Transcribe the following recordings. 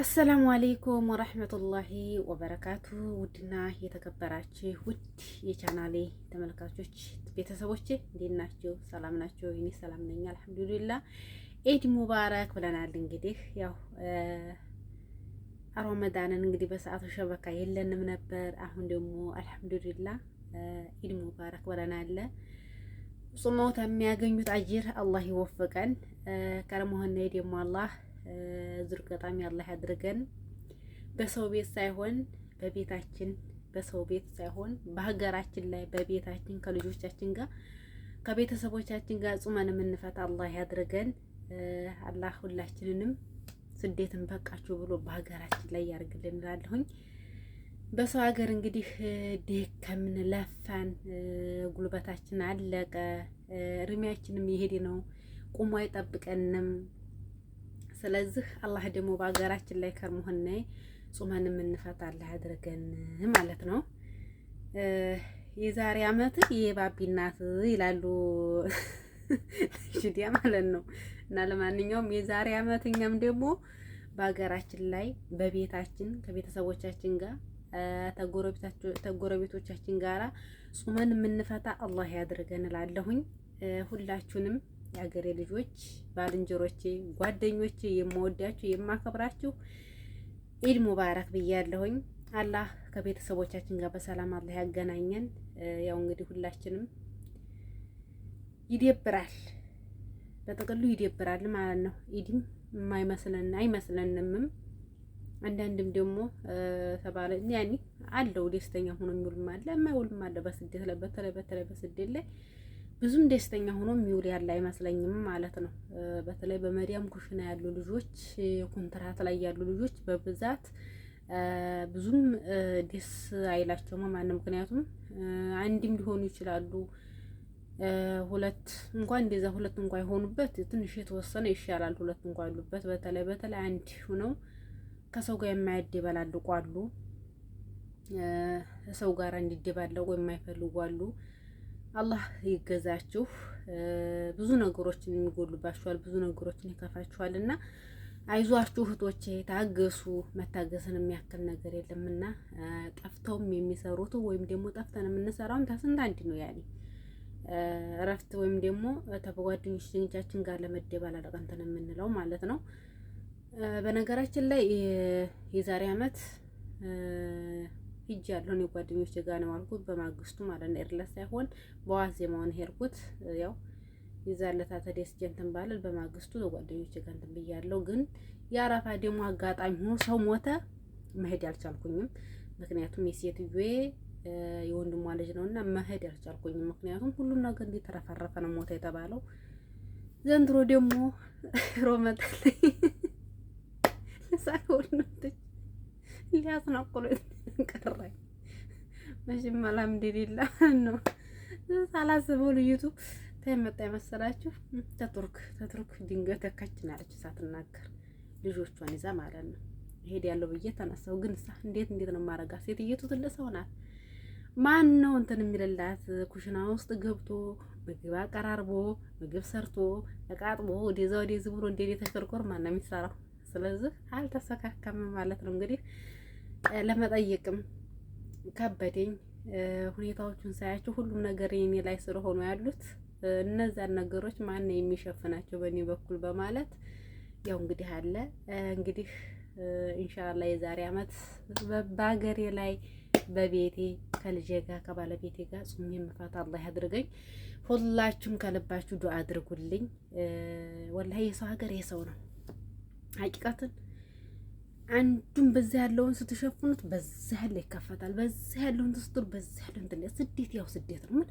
አሰላሙ አሌይኩም ወረህመቱላሂ ወበረካቱ። ውድና የተከበራችሁ ውድ የቻናሌ ተመልካቾች ቤተሰቦች እንዴት ናችሁ? ሰላም ናችሁ? እኔ ሰላም ነኝ አልሐምዱሊላህ። ኢድ ሙባረክ ብለናል። እንግዲህ ያው ረመዳንን እንግዲህ በሰዓቱ ሸበካ የለንም ነበር። አሁን ደግሞ አልሐምዱሊላህ ኢድ ሙባረክ ብለናል። ጽሞት የሚያገኙት አጅር አላህ ይወፍቀን። ከረመሆነ ደግሞ አላህ ዙር ገጣሚ አላህ ያድርገን። በሰው ቤት ሳይሆን በቤታችን በሰው ቤት ሳይሆን በሀገራችን ላይ በቤታችን ከልጆቻችን ጋር ከቤተሰቦቻችን ጋር ጹመን የምንፈታ አላህ ያድርገን። አላህ ሁላችንንም ስደትን በቃችሁ ብሎ በሀገራችን ላይ ያርግልን እላለሁኝ። በሰው ሀገር እንግዲህ ደከምን፣ ለፋን፣ ጉልበታችን አለቀ፣ እድሜያችንም የሄድ ነው፣ ቁሞ አይጠብቀንም። ስለዚህ አላህ ደግሞ በሀገራችን ላይ ከርሞሆነ ጾመን የምንፈታ አላህ አድርገን ማለት ነው። የዛሬ አመት የባቢ እናት ይላሉ ሽዲያ ማለት ነው። እና ለማንኛውም የዛሬ አመት እኛም ደግሞ በሀገራችን ላይ በቤታችን ከቤተሰቦቻችን ጋር ተጎረቤቶቻችን ጋራ ጾመን የምንፈታ አላህ ያድርገን እላለሁኝ ሁላችሁንም የአገሬ ልጆች፣ ባልንጀሮቼ፣ ጓደኞቼ የምወዳችሁ የማከብራችሁ ኢድ ሙባረክ ብያለሁኝ። አላህ ከቤተሰቦቻችን ጋር በሰላም አላህ ያገናኘን። ያው እንግዲህ ሁላችንም ይደብራል፣ በጥቅሉ ይደብራል ማለት ነው። ኢድም የማይመስለን አይመስለንምም። አንዳንድም ደግሞ ተባለ ያኔ አለው ደስተኛ ሆኖ የሚውልም አለ የማይውልም አለ። በስደት ላይ በተለይ በተለይ በስደት ላይ ብዙም ደስተኛ ሆኖ የሚውል ያለ አይመስለኝም ማለት ነው። በተለይ በመዲያም ኩሽና ያሉ ልጆች፣ ኮንትራት ላይ ያሉ ልጆች በብዛት ብዙም ደስ አይላቸውም ማን ምክንያቱም አንድም ሊሆኑ ይችላሉ ሁለት እንኳን እንደዛ ሁለት እንኳን የሆኑበት ትንሽ የተወሰነ ይሻላል። ሁለት እንኳን ያሉበት በተለይ በተለይ አንድ ሆነው ከሰው ጋር የማያደባላልቁ አሉ። ሰው ጋር እንዲደባለቁ የማይፈልጉ አሉ። አላህ ይገዛችሁ። ብዙ ነገሮችን የሚጎሉባችኋል፣ ብዙ ነገሮችን ይከፋችኋል እና አይዟችሁ እህቶቼ ታገሱ። መታገስን የሚያክል ነገር የለምና ጠፍተውም የሚሰሩት ወይም ደግሞ ጠፍተን የምንሰራውም ታስንት አንድ ነው። ያኔ እረፍት ወይም ደግሞ ከጓደኞቻችን ጋር ለመደባል አለቀንተን የምንለው ማለት ነው። በነገራችን ላይ የዛሬ አመት ሂጅ ያለውን የጓደኞች ጋር ነው አልኩት። በማግስቱ ማለት ነው ኤርላ ሳይሆን በዋዜማውን ሄድኩት። ያው ይዛለታ ተደስቼ እንትን ባለል በማግስቱ የጓደኞች ጋር እንትን ብያለሁ። ግን የአረፋ ደግሞ አጋጣሚ ሆኖ ሰው ሞተ። መሄድ አልቻልኩኝም። ምክንያቱም የሴትዮዬ የወንድሟ ልጅ ነው እና መሄድ አልቻልኩኝም። ምክንያቱም ሁሉም ነገር እንዲተረፈረፈ ነው ሞተ የተባለው። ዘንድሮ ደግሞ ሮመጠለይ ሳይሆን ሊያስናቁሎት ቀራኝ። መቼም አልሐምዱሊላ ነው ሳላስበው ልዩቱ ተመጣ የመሰላችሁ ተቱርክ ተቱርክ ድንገት ተካችን አለች ሳትናገር ልጆቿን ይዛ ማለት ነው። ሄድ ያለው ብዬ ተነሳው ግን ሳ እንዴት እንዴት ነው የማደርጋት? ሴትየቱ ትልቅ ሰው ናት። ማን ነው እንትን የሚልላት? ኩሽና ውስጥ ገብቶ ምግብ አቀራርቦ ምግብ ሰርቶ ተቃጥቦ ወደዛ ወደዚህ ብሎ እንዴት የተሽከርኮር ማን ነው የሚሰራው? ስለዚህ አልተሰካከም ማለት ነው እንግዲህ ለመጠየቅም ከበደኝ። ሁኔታዎቹን ሳያቸው ሁሉም ነገር የኔ ላይ ስለሆኑ ያሉት እነዛን ነገሮች ማን የሚሸፍናቸው በእኔ በኩል በማለት ያው እንግዲህ አለ እንግዲህ ኢንሻአላ የዛሬ አመት በአገሬ ላይ በቤቴ ከልጄ ጋር ከባለቤቴ ጋር ጾም የምፋታ አላህ ያድርገኝ። ሁላችሁም ከልባችሁ ዱአ አድርጉልኝ። ወላሂ የሰው ሀገር የሰው ነው ሀቂቃትን አንዱን በዛ ያለውን ስትሸፍኑት በዛ ያለ ይከፈታል። በዛ ያለውን ስትሉ በዛ ያለውን ትንያ ስደት ያው ስደት ነው።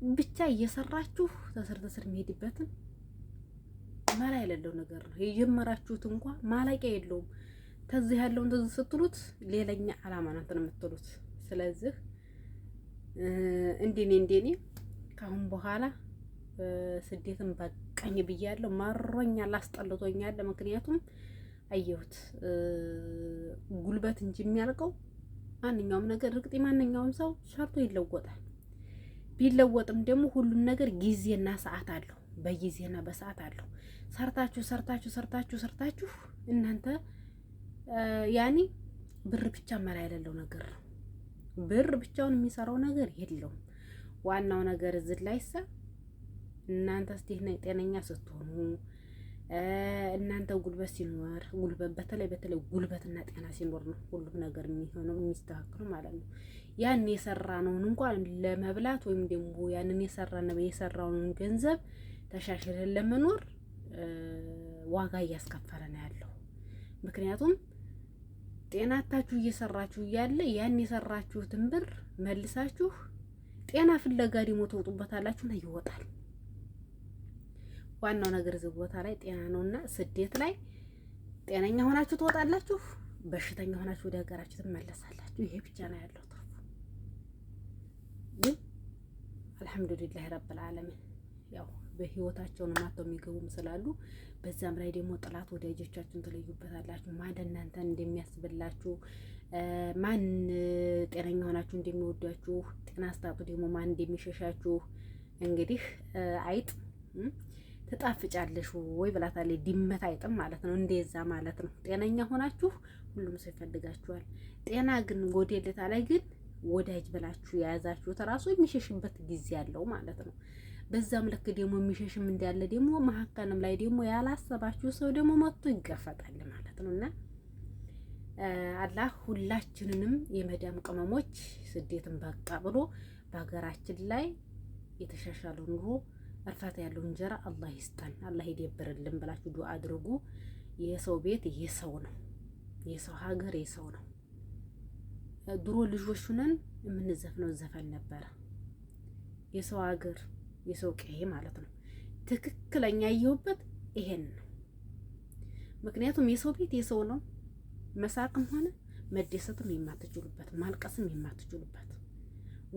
ምን ብቻ እየሰራችሁ ተስር ተስር የሚሄድበትን መላ የሌለው ነገር ነው። የጀመራችሁት እንኳ ማላቂያ የለውም። ተዚህ ያለውን ተዚህ ስትሉት ሌላኛ አላማ ናት ነው የምትሉት። ስለዚህ እንደኔ እንደኔ ካሁን በኋላ ስደትን በቀኝ ብያለሁ። መሮኛል፣ አስጠልቶኛል። ምክንያቱም አየሁት። ጉልበት እንጂ የሚያልቀው ማንኛውም ነገር እርግጥ ማንኛውም ሰው ሰርቶ ይለወጣል። ቢለወጥም ደግሞ ሁሉም ነገር ጊዜና ሰዓት አለው። በጊዜና በሰዓት አለው። ሰርታችሁ ሰርታችሁ ሰርታችሁ ሰርታችሁ እናንተ ያኔ ብር ብቻ መላ የሌለው ነገር ነው። ብር ብቻውን የሚሰራው ነገር የለውም። ዋናው ነገር እዚህ ላይ እናንተ እስቲ ጤነኛ ስትሆኑ እናንተ ጉልበት ሲኖር ጉልበት በተለይ በተለይ ጉልበትና ጤና ሲኖር ነው ሁሉም ነገር የሚሆነው የሚስተካከሉ ማለት ነው። ያን የሰራ ነውን እንኳን ለመብላት ወይም ደግሞ ያንን የሰራ ነው የሰራውን ገንዘብ ተሻሽለን ለመኖር ዋጋ እያስከፈለ ነው ያለው። ምክንያቱም ጤናታችሁ እየሰራችሁ እያለ ያን የሰራችሁትን ብር መልሳችሁ ጤና ፍለጋ ደግሞ ተውጡበታላችሁ ነው ይወጣል። ዋናው ነገር እዚህ ቦታ ላይ ጤና ነውና ስደት ላይ ጤነኛ ሆናችሁ ትወጣላችሁ፣ በሽተኛ ሆናችሁ ወደ ሀገራችሁ ትመለሳላችሁ። ይሄ ብቻ ነው ያለው ትርፉ። ግን አልሐምዱሊላህ ረብል ዓለሚን ያው ነው ማተው የሚገቡም ስላሉ በዛም ላይ ደግሞ ጥላት ወዳጆቻችሁን ትለዩበታላችሁ። ማን እናንተ እንደሚያስብላችሁ ማን ጤነኛ ሆናችሁ እንደሚወዳችሁ ጤና ስታጡ ደግሞ ማን እንደሚሸሻችሁ እንግዲህ አይጥ ትጣፍጫለሽ ወይ ብላታለች። ድመት አይጥም ማለት ነው፣ እንደዛ ማለት ነው። ጤነኛ ሆናችሁ ሁሉም ሰው ይፈልጋችኋል። ጤና ግን ጎደለታ ላይ ግን ወዳጅ ብላችሁ የያዛችሁት ራሱ የሚሸሽበት ጊዜ አለው ማለት ነው። በዛም ልክ ደግሞ የሚሸሽም እንዳለ ደግሞ መሀከልም ላይ ደግሞ ያላሰባችሁ ሰው ደግሞ መጥቶ ይገፈጣል ማለት ነው እና አላህ ሁላችንንም የመዳም ቅመሞች ስደትን በቃ ብሎ በሀገራችን ላይ የተሻሻለ ኑሮ እርፋታ ያለው እንጀራ አላህ ይስጠን፣ አላህ ይደብርልን ብላችሁ ዱአ አድርጉ። የሰው ቤት የሰው ነው፣ የሰው ሀገር የሰው ነው። ድሮ ልጆች ሁነን የምንዘፍነው ዘፈን ነበረ። የሰው ሀገር የሰው ቀዬ ማለት ነው። ትክክለኛ ያየሁበት ይሄን ነው። ምክንያቱም የሰው ቤት የሰው ነው። መሳቅም ሆነ መደሰትም የማትችሉበት ማልቀስም የማትችሉበት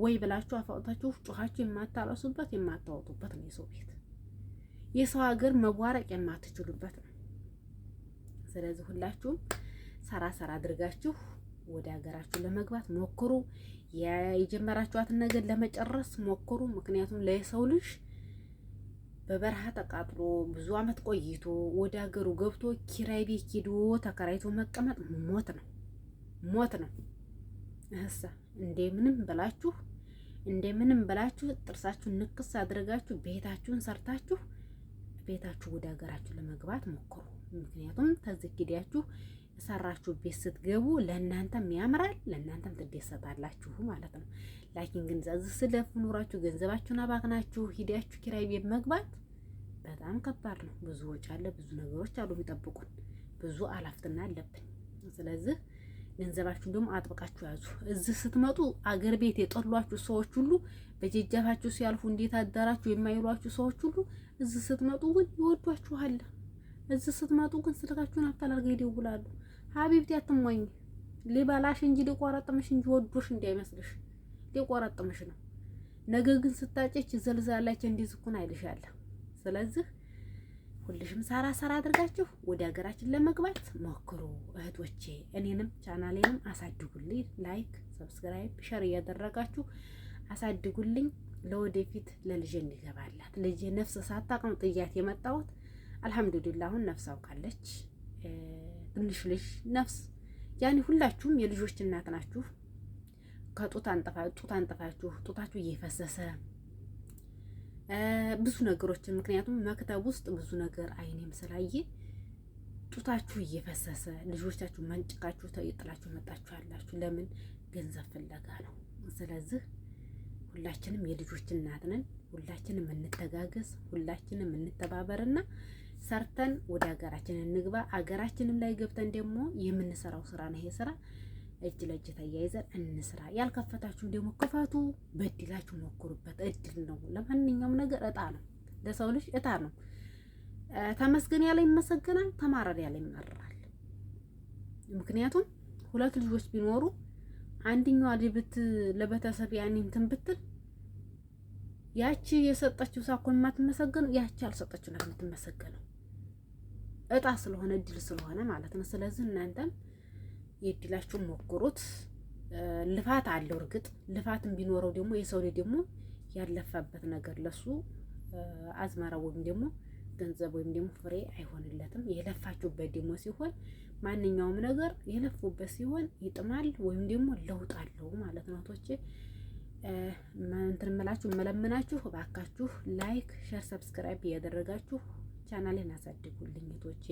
ወይ ብላችሁ አፋውታችሁ ጮሃችሁ የማታለሱበት የማታወጡበት ነው የሰው ቤት የሰው ሀገር መቧረቅ የማትችሉበት ነው። ስለዚህ ሁላችሁም ሰራ ሰራ አድርጋችሁ ወደ ሀገራችሁ ለመግባት ሞክሩ። የጀመራችኋትን ነገር ለመጨረስ ሞክሩ። ምክንያቱም ለሰው ልጅ በበረሃ ተቃጥሎ ብዙ አመት ቆይቶ ወደ ሀገሩ ገብቶ ኪራይ ቤት ሂዶ ተከራይቶ መቀመጥ ሞት ነው፣ ሞት ነው እህሳ እንደምንም ብላችሁ ምንም ብላችሁ ጥርሳችሁ ንክስ አድርጋችሁ ቤታችሁን ሰርታችሁ ቤታችሁ ወደ ሀገራችሁ ለመግባት ሞክሩ። ምክንያቱም ተዝግዳችሁ ሰራችሁ ቤት ስትገቡ ለእናንተም ያምራል፣ ለእናንተም ትደሰታላችሁ ማለት ነው። ላኪን ግን ዘዝ ስለፍ ኑራችሁ ገንዘባችሁን አባክናችሁ ሂዳችሁ ኪራይ ቤት መግባት በጣም ከባድ ነው። ብዙ ወጪ አለ፣ ብዙ ነገሮች አሉ ቢጠብቁን፣ ብዙ አላፍትና አለብን። ስለዚህ ገንዘባችሁን ደግሞ አጥብቃችሁ ያዙ። እዚህ ስትመጡ አገር ቤት የጠሏችሁ ሰዎች ሁሉ በጀጃፋችሁ ሲያልፉ እንዴት አዳራችሁ የማይሏችሁ ሰዎች ሁሉ እዚህ ስትመጡ ግን ይወዷችኋል። እዚህ ስትመጡ ግን ስልካችሁን አካል አድርገው ይደውላሉ። ሀቢብቲ አትሞኝ፣ ሊበላሽ እንጂ ሊቆረጥምሽ እንጂ ወዶሽ እንዳይመስልሽ ሊቆረጥምሽ ነው። ነገ ግን ስታጨች ዘልዛላች እንዲዝኩን አይልሻለሁ። ስለዚህ ሁልሽም ሰራ ሰራ አድርጋችሁ ወደ ሀገራችን ለመግባት ሞክሩ እህቶቼ። እኔንም ቻናሌንም አሳድጉልኝ። ላይክ፣ ሰብስክራይብ፣ ሸር እያደረጋችሁ አሳድጉልኝ። ለወደፊት ለልጄ እንዲገባላት ልጄ ነፍስ ሳታቅም ጥያት የመጣሁት አልሐምዱሊላ አሁን ነፍስ አውቃለች። ትንሽ ልጅ ነፍስ ያኔ ሁላችሁም የልጆች እናት ናችሁ። ከጡት አንጠፋ ጡት አንጠፋችሁ ጡታችሁ እየፈሰሰ ብዙ ነገሮችን ምክንያቱም መክተብ ውስጥ ብዙ ነገር አይኔም ስላየ ጡታችሁ እየፈሰሰ ልጆቻችሁ መንጭቃችሁ ጥላችሁ መጣችሁ ያላችሁ ለምን ገንዘብ ፍለጋ ነው። ስለዚህ ሁላችንም የልጆች እናት ነን። ሁላችንም እንተጋገዝ፣ ሁላችንም እንተባበርና ሰርተን ወደ ሀገራችን እንግባ። ሀገራችንም ላይ ገብተን ደግሞ የምንሰራው ስራ ነው ይሄ ስራ እጅ ለእጅ ተያይዘን እንስራ። ያልከፈታችሁ ደግሞ ክፈቱ፣ በድላችሁ ሞክሩበት። እድል ነው፣ ለማንኛውም ነገር እጣ ነው፣ ለሰው ልጅ እጣ ነው። ተመስገን ያለ ይመሰገናል፣ ተማረር ያለ ይመራል። ምክንያቱም ሁለት ልጆች ቢኖሩ አንደኛዋ ድብት ለቤተሰብ ያኔ እንትን ብትል ያቺ የሰጠችው ሳኮ የማትመሰገነው ያቺ ያልሰጠችው ናት የምትመሰገነው። እጣ ስለሆነ እድል ስለሆነ ማለት ነው። ስለዚህ እናንተም የእድላችሁን ሞክሩት። ልፋት አለው እርግጥ ልፋትም ቢኖረው ደግሞ የሰው ልጅ ደግሞ ያለፋበት ነገር ለሱ አዝመራ ወይም ደግሞ ገንዘብ ወይም ደግሞ ፍሬ አይሆንለትም። የለፋችሁበት ደግሞ ሲሆን ማንኛውም ነገር የለፉበት ሲሆን ይጥማል ወይም ደግሞ ለውጥ አለው ማለት ነው። ቶቼ እንትን እምላችሁ መለምናችሁ እባካችሁ ላይክ፣ ሸር፣ ሰብስክራይብ እያደረጋችሁ ቻናልን አሳድጉልኝ እህቶቼ።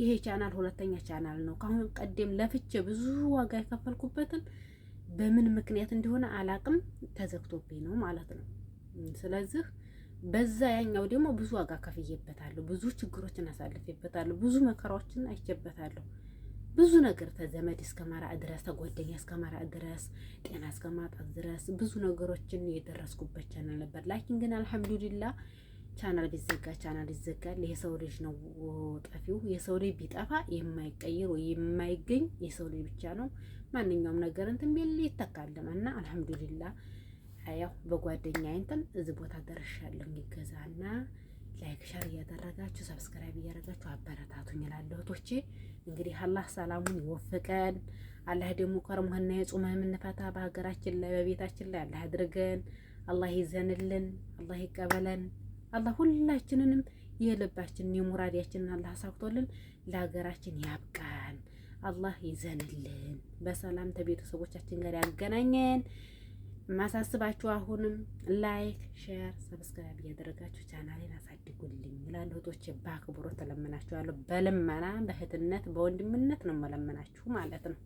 ይሄ ቻናል ሁለተኛ ቻናል ነው። ከአሁን ቀደም ለፍቼ ብዙ ዋጋ የከፈልኩበትን በምን ምክንያት እንደሆነ አላቅም ተዘግቶብኝ ነው ማለት ነው። ስለዚህ በዛ ያኛው ደግሞ ብዙ ዋጋ ከፍዬበታለሁ፣ ብዙ ችግሮችን አሳልፌበታለሁ፣ ብዙ መከራዎችን አይቼበታለሁ። ብዙ ነገር ተዘመድ እስከ ማራቅ ድረስ ተጓደኛ እስከ ማራቅ ድረስ ጤና እስከ ድረስ ብዙ ነገሮችን የደረስኩበት ቻናል ነበር። ላኪን ግን አልሐምዱሊላ ቻናል ቢዘጋ ቻናል ይዘጋል። የሰው ልጅ ነው ጠፊው። የሰው ልጅ ቢጠፋ የማይቀይር ወይ የማይገኝ የሰው ልጅ ብቻ ነው። ማንኛውም ነገር እንትን ቢል ይተካልም እና አልሐምዱሊላ ያው በጓደኛ እንትን እዚህ ቦታ ደርሻለሁ። ይገዛና ላይክ ሸር እያደረጋችሁ ሰብስክራይብ እያደረጋችሁ አበረታቱኝ እላለሁ። እህቶቼ እንግዲህ አላህ ሰላሙን ይወፍቀን። አላህ ደግሞ ከርሞና የጾመ የምንፈታ በሀገራችን ላይ በቤታችን ላይ አላህ አድርገን። አላህ ይዘንልን። አላህ ይቀበለን። አላህ ሁላችንንም የልባችንን የሙራዲያችንን አላህ አሳክቶልን ለሀገራችን ያብቃን። አላህ ይዘንልን። በሰላም ከቤተሰቦቻችን ጋር ያገናኘን። ማሳስባችሁ አሁንም ላይክ፣ ሼር፣ ሰብስክራይብ እያደረጋችሁ ቻናሌን አሳድጉልኝ እላለሁ። እህቶች። በአክብሮት ተለምናችኋለሁ። በልመና በእህትነት በወንድምነት ነው መለመናችሁ ማለት ነው።